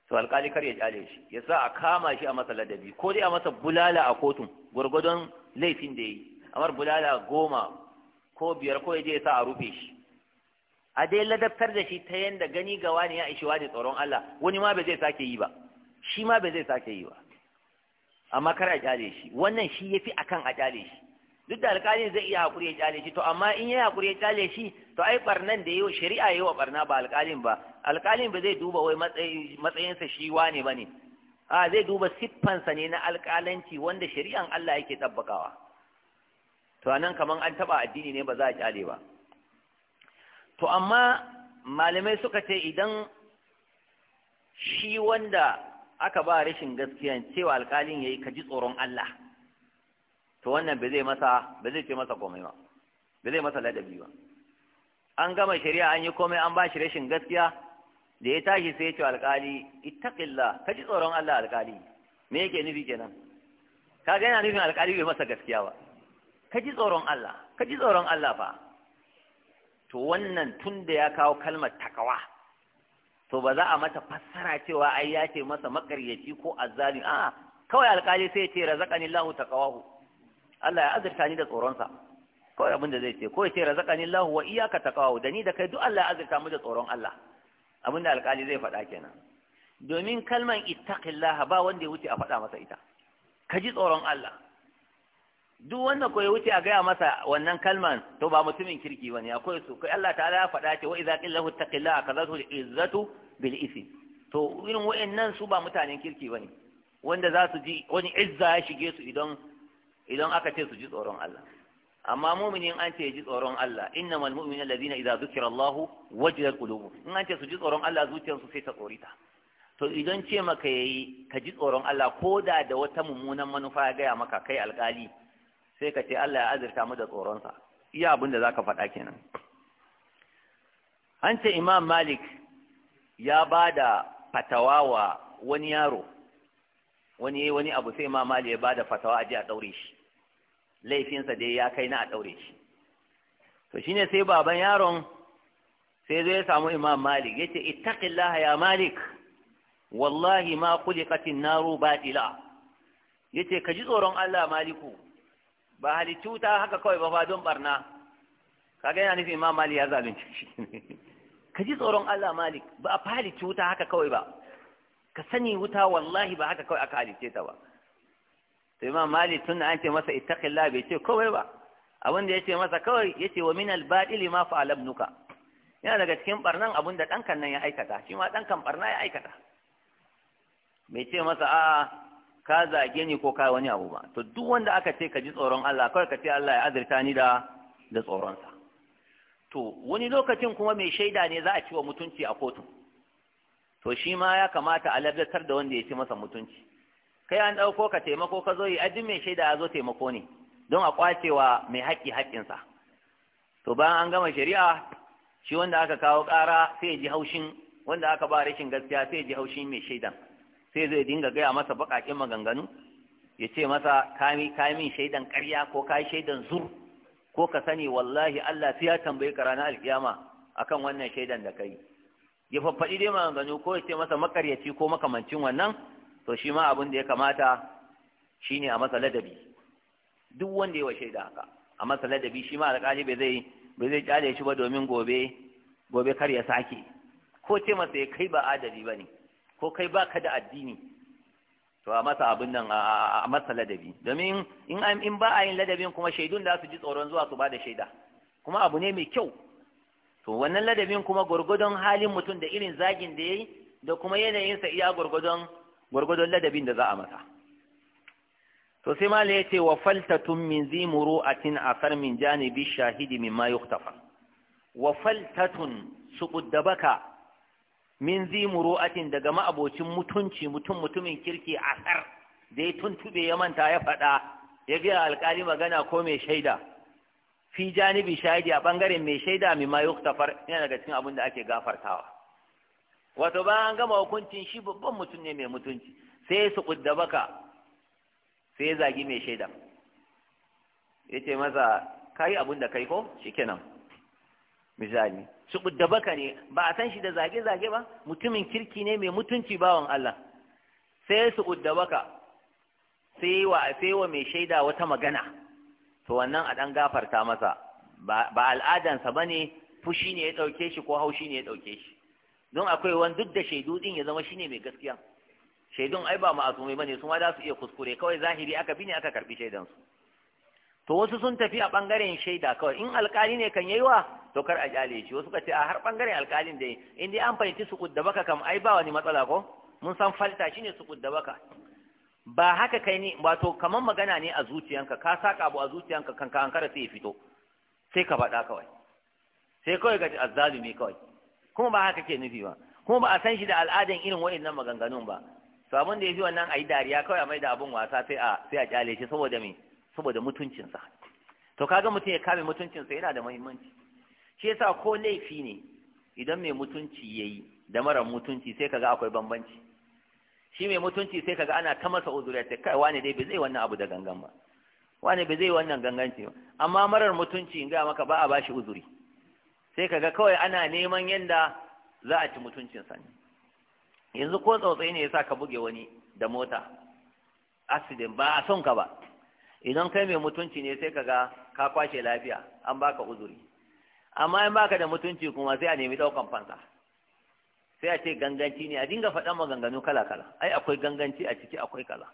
to alkali kar ya kyale shi ya sa a kama shi a masa ladabi ko dai a masa bulala a kotun gwargwadon laifin da ya yi amar bulala goma ko biyar ko ya je ya sa a rufe shi a dai ladabtar da shi ta yanda gani ga wani ya ishiwa da tsoron Allah wani ma bai zai sake yi ba shi ma bai zai sake yi ba amma kar a kyale shi wannan shi fi akan a kyale shi duk da alƙalin zai iya haƙuri ya kyale shi to amma in ya hakuri ya kyale shi to ai barnan da yau shari'a yau wa barna ba alƙalin ba alƙalin ba zai duba wai matsayinsa shi wane ba ne a zai duba siffansa ne na alƙalanci wanda shari'an Allah yake tabbakawa to anan kaman an taɓa addini ne ba za a kyale ba to amma malamai suka ce idan shi wanda aka ba rashin gaskiya cewa alkalin yayi ka ji tsoron Allah to wannan ba zai masa ba zai ce masa komai ba ba zai masa ladabi ba an gama shari'a an yi komai an ba shi rashin gaskiya da ya tashi sai ya ce alkali ittaqillah ka ji tsoron Allah alkali me yake nufi kenan ka ga yana nufin alkali bai masa gaskiya ba ka ji tsoron Allah ka ji tsoron Allah fa to wannan tun da ya kawo kalmar takawa to ba za a mata fassara cewa ai ya ce masa makaryaci ko azzali a kawai alkali sai ya ce razaqani Allahu takawahu Allah ya azurta ni da tsoronsa kawai abin da zai ce ko ya ce razaqani Allahu wa iyyaka takawahu da ni da kai duk Allah ya azurta mu da tsoron Allah abin da alkali zai faɗa kenan domin kalmar ittaqillah ba wanda ya wuce a faɗa masa ita ka ji tsoron Allah duk wanda ko ya wuce a gaya masa wannan kalman to ba mutumin kirki ba ne. akwai su kai Allah ta'ala ya faɗa ce wa idza qila taqilla ka kazatu izzatu bil ism to irin wayannan su ba mutanen kirki ne wanda za su ji wani izza ya shige su idan idan aka ce su ji tsoron Allah amma muminin an ce ji tsoron Allah innamal mu'minu allazina idza dhukira Allah wajilat qulubu in an ce su ji tsoron Allah zuciyarsu sai ta tsorita to idan ce maka yayi ka ji tsoron Allah koda da wata mummunan manufa ya gaya maka kai alƙali. sai ka ce Allah ya azirta mu da tsoronsa iya abin da za ka faɗa kenan an ce imam malik ya ba da fatawa wa wani yaro wani yi wani abu sai imam malik ya ba da fatawa a ji a ɗaure shi laifinsa dai ya kai na a ɗaure shi to shine sai baban yaron sai zai samu imam malik ya ce ittaqillaha ya malik wallahi ma kuli na naru ya yace ka ji tsoron Allah maliku ba halittu ta haka kawai ba ba don barna kaga yana nufin ma malik ya zalun shi ka ji tsoron Allah malik ba a halittu wuta haka kawai ba ka sani wuta wallahi ba haka kawai aka halitte ta ba to imam malik tun an ce masa ittaqillah bai ce kawai ba abin da yace masa kawai yace wa min al-badili ma fa alabnuka yana daga cikin barnan abin da dankan nan ya aikata shi ma dankan barna ya aikata bai ce masa a'a ka zage ni ko ka wani abu ba to duk wanda aka ce ka ji tsoron Allah kawai ka ce Allah ya azurta ni da da tsoronsa to wani lokacin kuma mai shaida ne za a ci wa mutunci a kotu to shi ma ya kamata a labdatar da wanda ya ci masa mutunci kai an ɗauko ka taimako ka zo yi ajin mai shaida ya zo taimako ne don a kwacewa mai haƙƙi sa to bayan an gama shari'a shi wanda aka kawo ƙara sai ya ji haushin wanda aka ba rashin gaskiya sai ya ji haushin mai shaidan sai zai dinga gaya masa baƙaƙen maganganu ya ce masa kami min shaidan ƙarya ko kai shaidan zur ko ka sani wallahi Allah sai ya tambaye ka ranar alkiyama akan wannan shaidan da kai ya faffaɗi dai maganganu ko ya ce masa makaryaci ko makamancin wannan to shi ma abin da ya kamata shine a masa ladabi duk wanda ya wa shaida haka a masa ladabi shi ma alƙali bai zai bai zai kyale shi ba domin gobe gobe kar ya sake ko ce masa ya kai ba adali ba ne ko kai baka da addini to a masa abin nan a masa ladabi domin in in ba a yin ladabin kuma shaidun da su ji tsoron zuwa su ba da shaida kuma abu ne mai kyau to wannan ladabin kuma gwargwadon halin mutum da irin zagin da yayi da kuma yanayinsa iya gwargwadon gwargwadon ladabin da za a masa to sai Malam ya ce wa faltatun min zi muru'atin asar min janibi shahidi min ma yuktafa wa faltatun su baka min zi atin daga ma'abocin mutunci mutum mutumin kirki asar da ya tuntube ya manta ya faɗa ya gaya alƙali magana ko mai shaida fi janibi shahidi a ɓangaren mai shaida mai mayu tafar yana daga cikin abin da ake gafartawa wato an gama hukuncin shi babban mutum ne mai mutunci sai su kudda baka sai zagi mai shaida ya ce masa kayi abin da kai ko shikenan misali su da baka ne ba a san shi da zage-zage ba mutumin kirki ne mai mutunci bawan Allah sai su da baka sai wa sai wa mai shaida wata magana to wannan a dan gafarta masa ba al'adansa bane fushi ne ya dauke shi ko haushi ne ya dauke shi don akwai wani duk da shaidu din ya zama shine mai gaskiya shaidun ai ba ma'asumai bane su ma za su iya kuskure kawai zahiri aka bi ne aka karbi shaidan su to wasu sun tafi a bangaren shaida kawai in alkali ne kan yayiwa to kar a jale shi wasu ka ce a har bangaren alkalin da in dai an fahimci su kudda baka kam ai ba wani matsala ko mun san falta shi ne su kudda baka ba haka kai ne wato kaman magana ne a zuciyanka ka saka abu a zuciyanka kan ka ankara sai ya fito sai ka faɗa kawai sai kawai ka azzalumi kawai kuma ba haka ke nufi ba kuma ba a san shi da al'adan irin waɗannan maganganun ba to abin da ya fi wannan a yi dariya kawai a mai da abin wasa sai a sai a kyale shi saboda me saboda mutuncinsa to kaga mutum ya kame mutuncinsa yana da muhimmanci shi yasa ko laifi ne idan mai mutunci yayi da mara mutunci sai kaga akwai bambanci shi mai mutunci sai kaga ana ta masa uzuri ta kai wani dai bai zai wannan abu da gangan ba wani bai zai wannan ganganci ba amma marar mutunci in ga maka ba a bashi uzuri sai kaga kawai ana neman yanda za a ci mutuncinsa ne yanzu ko tsautsayi ne yasa ka buge wani da mota accident ba a son ka ba idan kai mai mutunci ne sai kaga ka kwashe lafiya an baka uzuri amma in baka da mutunci kuma sai a nemi daukan fansa sai a ce ganganci ne a dinga faɗan maganganu kala kala ai akwai ganganci a ciki akwai kala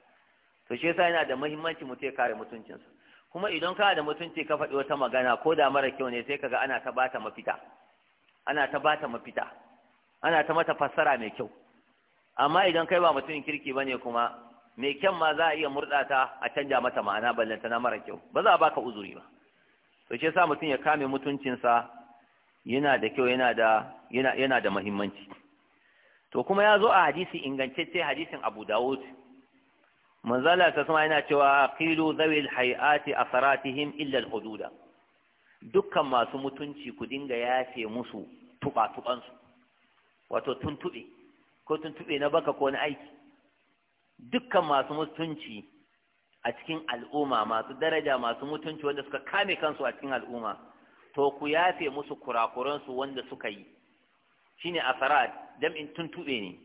to shi yasa yana da muhimmanci mutum ya kare mutuncinsa kuma idan kana da mutunci ka faɗi wata magana ko da mara kyau ne sai kaga ana ta bata mafita ana ta bata mafita ana ta mata fassara mai kyau amma idan kai ba mutumin kirki bane kuma mai kyan ma za a iya murɗata a canja mata ma'ana ballanta na mara kyau ba za a baka uzuri ba to shi yasa mutum ya kame mutuncinsa yana da kyau yana da yana muhimmanci to kuma ya zo a hadisi ingantacce hadisin Abu Dawud manzala ta sama yana cewa qilu zawil hayati asaratihim illa al-hududa dukkan masu mutunci ku dinga yafe musu tuba tubansu wato tuntube ko tuntube na baka ko na aiki dukkan masu mutunci a cikin al'umma masu daraja masu mutunci wanda suka kame kansu a cikin al'umma to ku yafe musu kurakuransu wanda suka yi shine asarat jam'in tuntube ne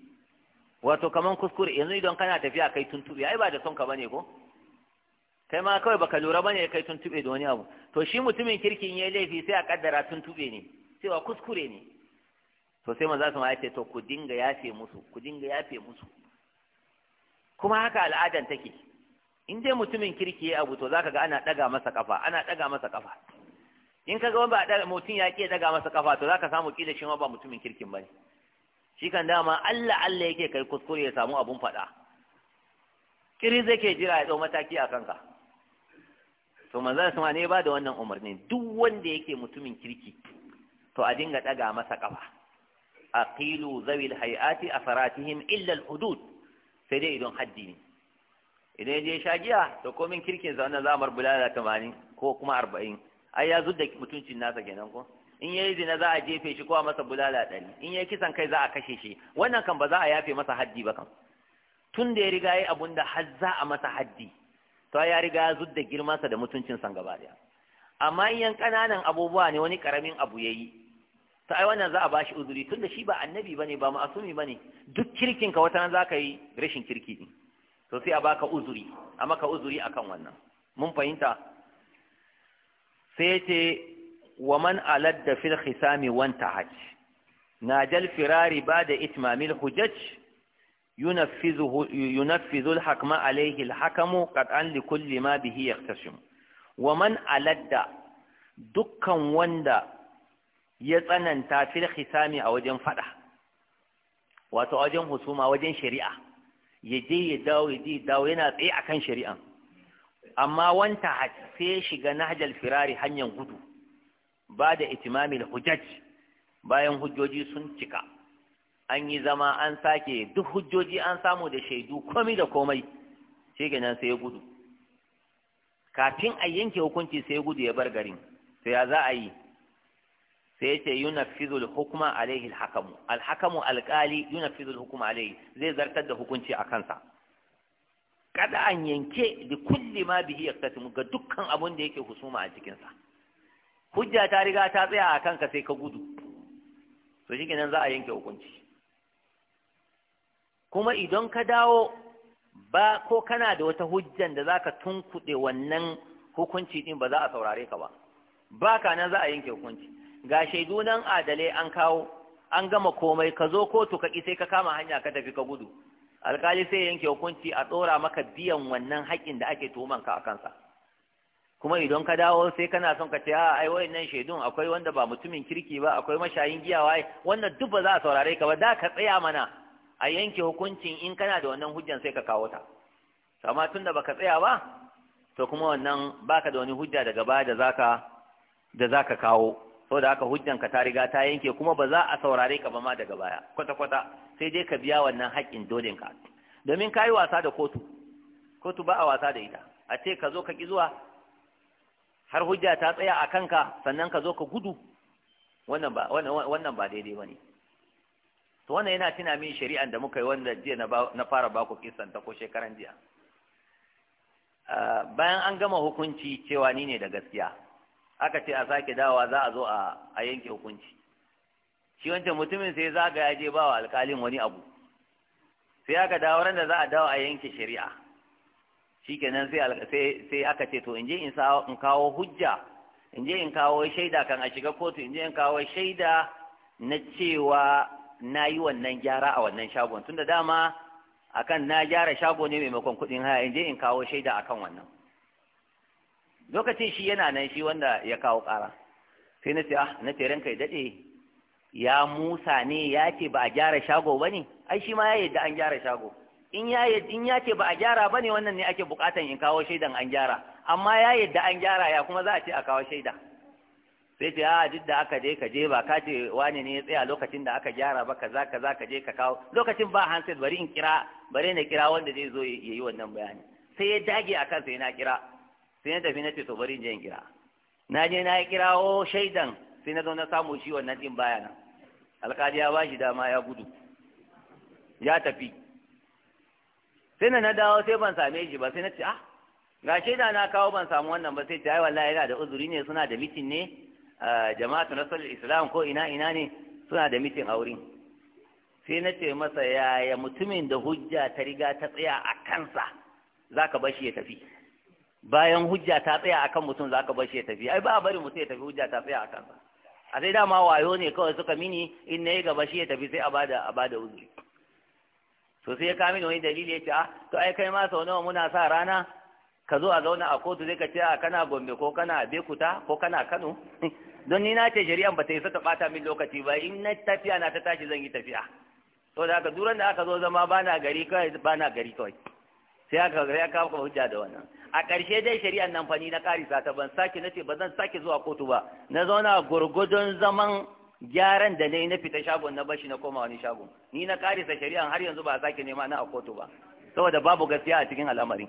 wato kaman kuskure yanzu idan kana tafiya kai tuntube ai ba da son ka bane ko kai ma kawai baka lura bane kai tuntube da wani abu to shi mutumin kirkin yayi laifi sai a kaddara tuntube ne cewa kuskure ne to sai manzo sun ce to ku dinga yafe musu ku dinga yafe musu kuma haka al'adan take in dai mutumin kirki ya abu to ka ga ana ɗaga masa kafa ana ɗaga masa kafa in ga wani ba mutum ya ke daga masa kafa to zaka samu kila shi ba mutumin kirkin ne. shi kan dama Allah Allah yake kai kuskure ya samu abun faɗa kiri zai ke jira ya ɗau mataki a kanka to manzon sama ne ba da wannan umarnin duk wanda yake mutumin kirki to a dinga ɗaga masa ƙafa aqilu zawil hayati asaratihim illa al-hudud sai dai idan haddi ne idan ya je sha giya to komin kirkin sa wannan zamar bulala tamanin ko kuma arba'in ai ya zudda mutuncin nasa kenan ko in yayi zina za a jefe shi ko a masa bulala ɗari in yayi kisan kai za a kashe shi wannan kan ba za a yafe masa haddi ba kan tun da ya riga yi abun da har za a masa haddi to ya riga ya zudda girmansa da mutuncin san gaba daya amma in yan ƙananan abubuwa ne wani ƙaramin abu yayi to ai wannan za a bashi uzuri tunda shi ba annabi bane ba ma'asumi bane duk kirkin ka za ka yi rashin kirki ne to sai a baka uzuri a maka uzuri akan wannan mun fahimta sai ce wa man aladda fil khisami wan tahaj najal firari ba'da itmamil hujaj ينفذه ينفذ الحكم عليه الحكم قطعا لكل ما به Wa man aladda dukkan wanda. ya tsananta fil khisami a wajen fada wato a wajen husuma wajen shari'a ya je ya dawo ya je dawo yana tsaye akan shari'an amma wanta sai shiga nahjal firari hanyar gudu ba da itimamil hujjaj bayan hujjoji sun cika an yi zama an sake duk hujjoji an samu da shaidu komai da komai shi nan sai ya gudu kafin a yanke hukunci sai ya gudu ya bar garin saya ya za a yi sai yace yunaffizul hukma alaihi alhakamu alhakamu alqali yunaffizul hukma alaihi zai zartar da hukunci a kansa kada an yanke da kulli ma bihi yaktasimu ga dukkan abun da yake husuma a cikinsa. hujja ta riga ta tsaya a kanka sai ka gudu to shikenan za a yanke hukunci kuma idan ka dawo ba ko kana da wata hujjan da zaka tunkuɗe wannan hukunci din ba za a saurare ka ba ba ka nan za a yanke hukunci ga shaidu nan adalai an kawo an gama komai ka zo kotu ka sai ka kama hanya ka tafi ka gudu alkali sai yanke hukunci a tsora maka biyan wannan haƙƙin da ake tuhuman ka a kansa kuma idan ka dawo sai kana son ka ce a ai wayannan shaidun akwai wanda ba mutumin kirki ba akwai mashayin giya wai wannan duk ba za a saurare ka ba da ka tsaya mana a yanke hukuncin in kana da wannan hujjan sai ka kawo ta amma tunda baka tsaya ba to kuma wannan baka da wani hujja daga baya da zaka da zaka kawo saboda haka hujjanka ta riga ta yanke kuma ba za a saurare ka ba ma daga baya kwata kwata sai dai ka biya wannan haƙƙin dolenka domin ka yi wasa da kotu kotu ba a wasa da ita a ce ka zo ka ki zuwa har hujja ta tsaya a kanka sannan ka zo ka gudu wannan ba daidai ba ne. to wannan yana tuna min shari'an da muka yi wanda jiya na fara baku kisan ta ko shekaran jiya ah, bayan an gama hukunci cewa ni ne da gaskiya aka ce a sake dawa za a zo a yanke hukunci shi wancan mutumin sai zaga ya je ba wa alkalin wani abu sai aka dawo ran da za a dawo a yanke shari'a shikenan sai sai aka ce to in je in kawo hujja in in kawo shaida kan a shiga kotu in je in kawo shaida na cewa na yi wannan gyara a wannan shagon tunda dama akan na gyara shago ne maimakon kuɗin haya in in kawo shaida akan wannan lokacin shi yana nan shi wanda ya kawo ƙara sai na ce ah na ce ranka ya daɗe ya musa ne ya ce ba a gyara shago ba ne ai shi ma ya yadda an gyara shago in ya in ya ce ba a gyara ba ne wannan ne ake buƙatan in kawo shaidan an gyara amma ya yadda an gyara ya kuma za a ce a kawo shaida sai ce a ah, duk da aka je ka je ba ka ce wani ne ya tsaya lokacin da aka gyara ba kaza kaza ka je ka kawo lokacin ba handset bari in kira bare na kira wanda zai zo ya yi wannan bayani sai ya dage akan sai na kira sai na tafi na ce to bari in je in kira na je na yi kirawo shaidan sai na zo na samu shi wannan din baya nan alƙali ya ba shi dama ya gudu ya tafi sai na na dawo sai ban same shi ba sai na ce ah ga shaida na kawo ban samu wannan ba sai ta yi wallahi yana da uzuri ne suna da mitin ne eh, Jama'a ta nasarar islam ko ina ina ne suna da mitin a wurin sai na ce masa yaya mutumin da hujja ta riga ta tsaya a kansa za ka bashi ya tafi bayan hujja ta tsaya akan mutum za ka bar shi ya tafi ai ba a bari mutum ya tafi hujja ta tsaya akan sa a sai dama wayo ne kawai suka mini in na yi gaba shi ya tafi sai a bada a bada uzuri to sai ya kawo mini wani dalili ya ce ah to ai kai ma sau nawa muna sa rana ka zo a zauna a kotu zai ka ce a ah, kana gombe ko kana bekuta ko kana kano don ni na ce shari'an ba ta yi saka bata min lokaci ba in na tafiya na ta tashi zan yi tafiya to da haka duran da aka zo zama bana gari kawai bana gari kawai sai aka ga ya kawo hujja da wannan a ƙarshe dai shari'an nan fani na karisa ta ban sake na ce ba zan sake zuwa kotu ba na zauna gurgudun zaman gyaran da nayi na fita shagon na bashi na koma wani shagon ni na karisa shari'an har yanzu ba a sake nema na a kotu ba saboda babu gaskiya a cikin al'amarin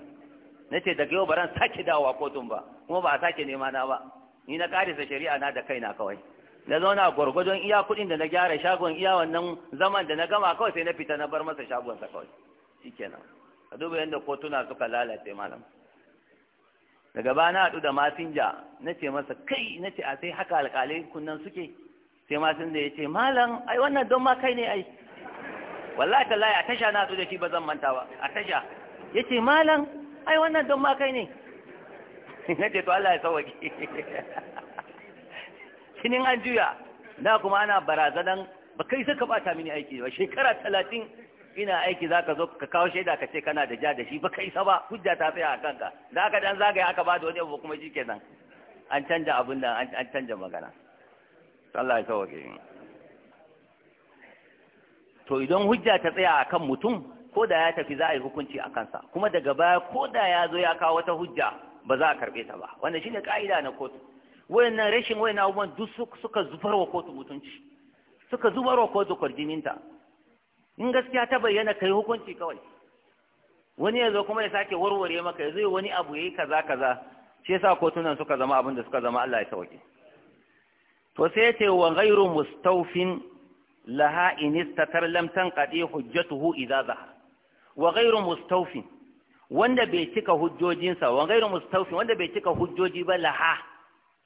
na ce daga yau ba ran sake dawowa kotun ba kuma ba a sake nema na ba ni na karisa shari'a na da kaina kawai na zauna gwargwadon iya kuɗin da na gyara shagon iya wannan zaman da na gama kawai sai na fita na bar masa shagonsa kawai shikenan ka duba yadda kotuna suka lalace malam daga bana haɗu da masinja na ce masa kai na ce a sai haka alƙalai kunnan suke sai masinja ya ce malam ai wannan don ma kai ne ai wallahi tallahi a tasha na haɗu da shi ba zan manta ba a tasha ya ce malam ai wannan don ma kai ne na ce to Allah ya sauwaki kinin an juya da kuma ana barazanan ba kai suka bata mini aiki ba shekara talatin ina aiki za ka zo ka kawo shaida ka ce kana da ja da shi ba ka isa ba hujja ta tsaya a kanka da aka dan zagaya aka ba da wani abu kuma nan an canja abin nan an canja magana Allah ya sauke to idan hujja ta tsaya a kan mutum ko da ya tafi za a yi hukunci a kansa kuma daga baya ko da ya zo ya kawo wata hujja ba za a karɓe ta ba wannan shine ka'ida na kotu wayannan rashin wayannan abubuwan duk suka zubarwa kotu mutunci suka zubarwa kotu kwarjininta in gaskiya ta bayyana kai hukunci kawai wani ya kuma ya sake warware maka ya zo wani abu yayi kaza kaza shi yasa kotunan suka zama abin da suka zama Allah ya sauke to sai yace wa ghayru mustawfin laha in istatar lam tanqadi hujjatuhu idza zahar wa ghayru mustawfin wanda bai cika hujjojinsa wa ghayru mustawfin wanda bai cika hujjoji ba laha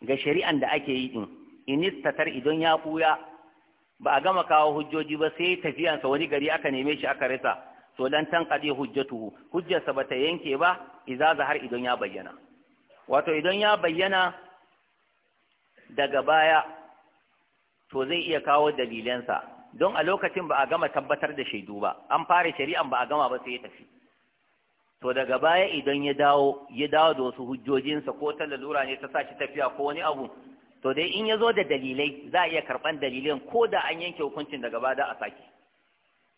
ga shari'an da ake yi din in istatar idan ya kuya ba a gama kawo hujjoji ba sai tafiyansa wani gari aka neme shi aka rasa to dan tan qadi hujjatuhu hujjarsa bata yanke ba idza zahar idan ya bayyana wato idan ya bayyana daga baya to zai iya kawo dalilansa don a lokacin ba a gama tabbatar da shaidu ba an fara shari'an ba a gama ba sai ya tafi to daga baya idan ya dawo ya dawo da wasu hujjojinsa ko ta lalura ne ta sa shi tafiya ko wani abu to dai in ya zo da dalilai za a iya karɓan dalilan ko da an yanke hukuncin da gaba da a sake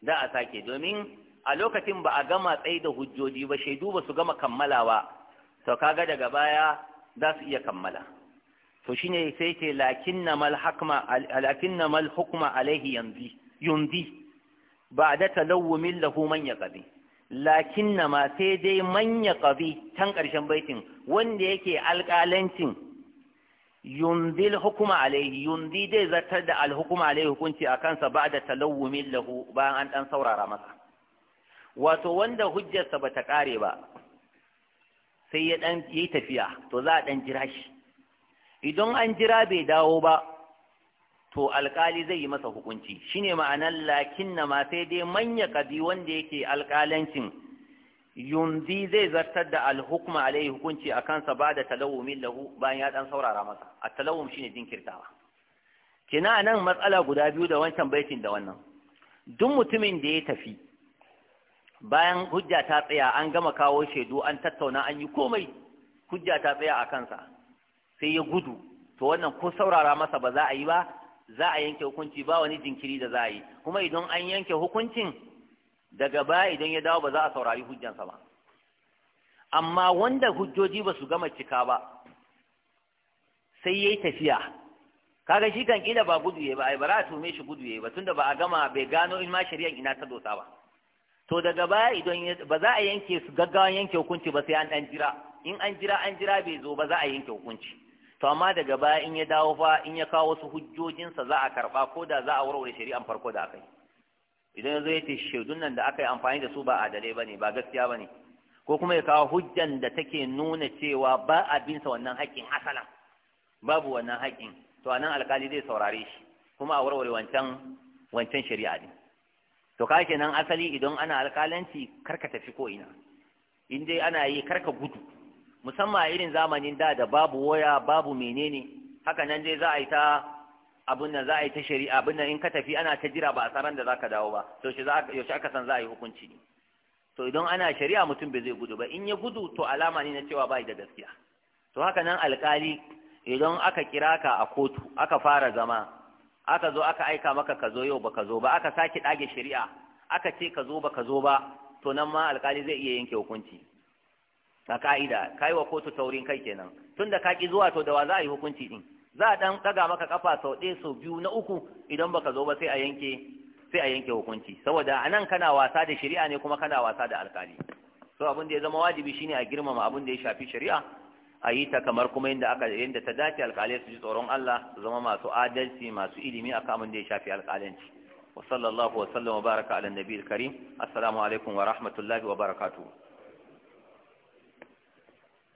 da a sake domin a lokacin ba a gama tsaye da hujjoji ba shaidu ba su gama kammalawa to kaga daga baya za su iya kammala to shine sai ce lakinna mal hukma lakinna mal hukma alaihi yanzu yumdi ba da talawumin lahu man yaqabi lakinna ma sai dai man yaqabi tan karshen baitin wanda yake alƙalancin yunzil hukuma alaihi yundi zai zartar da alhukuma alaihi hukunci a kansa ba da talawumin lahu bayan an ɗan saurara masa wato wanda hujjarsa ba ta ƙare ba sai ya ɗan yi tafiya to za a ɗan jira shi idan an jira bai dawo ba to alƙali zai yi masa hukunci shine ma'anar lakin na ma sai dai manya ƙabi wanda yake alƙalancin Yunzi zai zartar da alhukma alaihi hukunci a kansa ba da talawumin lahu bayan ya dan saurara masa a talawum shine jinkirtawa kina nan matsala guda biyu da wancan baitin da wannan duk mutumin da ya tafi bayan hujja ta tsaya an gama kawo shaidu an tattauna an yi komai hujja ta tsaya a kansa sai ya gudu to wannan ko saurara masa ba za a yi ba za a yanke hukunci ba wani jinkiri da za a yi kuma idan an yanke hukuncin daga baya idan ya dawo ba za a saurari hujjansa ba amma wanda hujjoji ba su gama cika ba sai yayi tafiya kaga shi kan kila ba gudu yayi ba ai ba za a tume shi gudu yayi ba tunda ba a gama bai gano in ma shari'an ina ta dosa ba to daga baya idan ba za a yanke su gaggawan yanke hukunci ba sai an dan jira in an jira an jira bai zo ba za a yanke hukunci to amma daga baya in ya dawo fa in ya kawo wasu hujjojinsa za a karba ko da za a warware shari'an farko da akai idan zai zo ya ce shaidun nan da aka yi amfani da su ba adalai ba ne ba gaskiya ba ne ko kuma ya kawo hujjan da take nuna cewa ba a binsa wannan haƙƙin asalan babu wannan haƙƙin to anan alkali zai saurare shi kuma a warware wancan wancan shari'a din to ka kenan asali idan ana alkalanci karka tafi ko ina in dai ana yi karka gudu musamman a irin zamanin da da babu waya babu menene haka nan dai za a yi ta abin nan za a yi ta shari'a abin nan in ka tafi ana ta jira ba a tsaron da za ka dawo ba to shi yaushe aka san za a yi hukunci ne to idan ana shari'a mutum bai zai gudu ba in ya gudu to alama ne na cewa bai da gaskiya to haka nan alkali idan aka kira ka a kotu aka fara zama aka zo aka aika maka ka zo yau baka zo ba aka sake dage shari'a aka ce ka zo baka zo ba to nan ma alkali zai iya yanke hukunci a ka'ida kai wa kotu taurin kai kenan tunda ka ki zuwa to da wa za a yi hukunci din za a dan daga maka kafa sau ɗaya sau biyu na uku idan baka zo ba sai a yanke sai a yanke hukunci saboda a nan kana wasa da shari'a ne kuma kana wasa da alkali so abin da ya zama wajibi shine a girmama abin da ya shafi shari'a a yi ta kamar kuma yadda aka yadda ta dace alkalai su ji tsoron Allah su zama masu adalci masu ilimi akan abin da ya shafi alkalanci wa sallallahu wa sallam wa baraka ala nabiyil karim assalamu alaikum wa rahmatullahi wa barakatuh